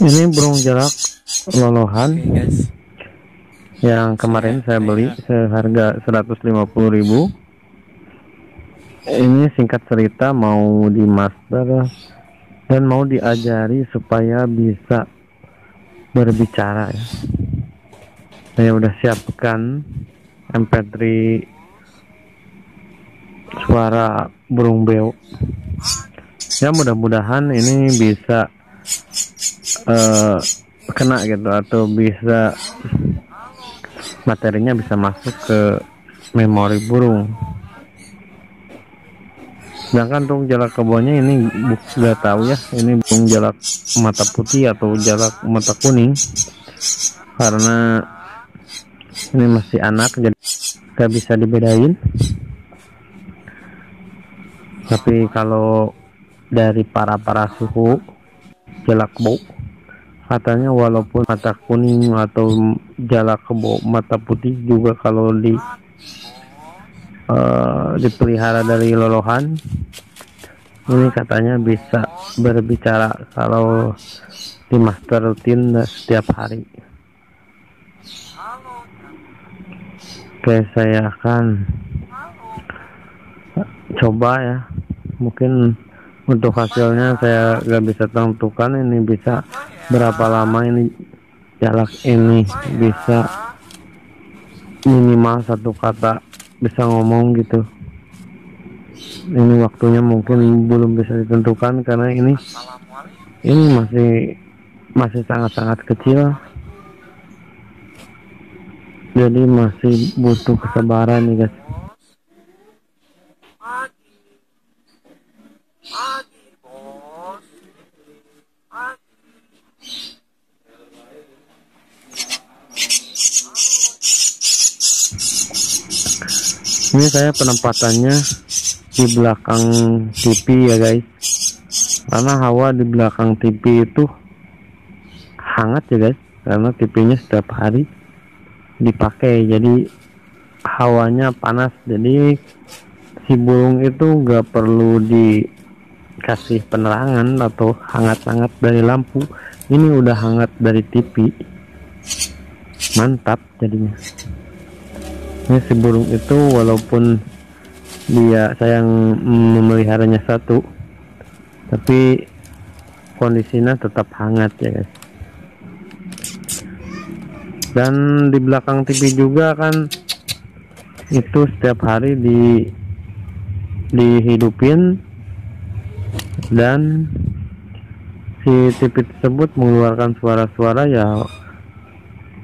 ini burung jerak lolohan yang kemarin saya beli seharga 150.000 ini singkat cerita mau di master dan mau diajari supaya bisa berbicara ya saya udah siapkan mp3 suara burung beo ya mudah-mudahan ini bisa uh, kena gitu atau bisa materinya bisa masuk ke memori burung sedangkan untuk jalak kebonnya ini sudah tahu ya ini burung jalak mata putih atau jalak mata kuning karena ini masih anak jadi nggak bisa dibedain tapi kalau dari para para suhu jalak bau katanya walaupun mata kuning atau jalak kebo mata putih juga kalau di uh, dipelihara dari lolohan ini katanya bisa berbicara kalau di master rutin setiap hari oke saya akan coba ya mungkin untuk hasilnya saya nggak bisa tentukan ini bisa berapa lama ini jalak ini bisa minimal satu kata bisa ngomong gitu ini waktunya mungkin belum bisa ditentukan karena ini ini masih masih sangat-sangat kecil jadi masih butuh kesabaran nih guys ini saya penempatannya di belakang TV ya guys karena hawa di belakang TV itu hangat ya guys karena TV-nya setiap hari dipakai jadi hawanya panas jadi si burung itu nggak perlu dikasih penerangan atau hangat-hangat dari lampu ini udah hangat dari TV mantap jadinya harusnya si burung itu walaupun dia sayang memeliharanya satu tapi kondisinya tetap hangat ya guys dan di belakang TV juga kan itu setiap hari di dihidupin dan si TV tersebut mengeluarkan suara-suara ya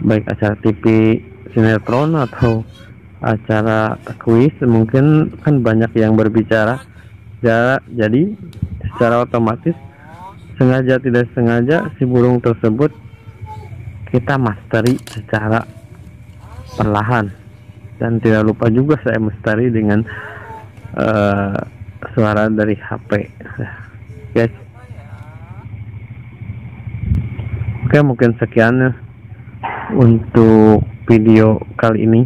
baik acara TV sinetron atau acara kuis mungkin kan banyak yang berbicara jadi secara otomatis sengaja tidak sengaja si burung tersebut kita masteri secara perlahan dan tidak lupa juga saya masteri dengan uh, suara dari HP guys oke mungkin sekian ya untuk video kali ini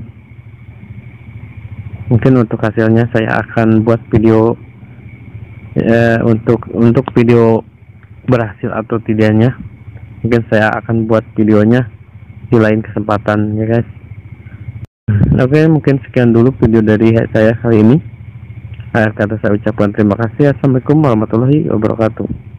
mungkin untuk hasilnya saya akan buat video eh, untuk untuk video berhasil atau tidaknya mungkin saya akan buat videonya di lain kesempatan ya guys oke okay, mungkin sekian dulu video dari saya kali ini akhir eh, kata saya ucapkan terima kasih assalamualaikum warahmatullahi wabarakatuh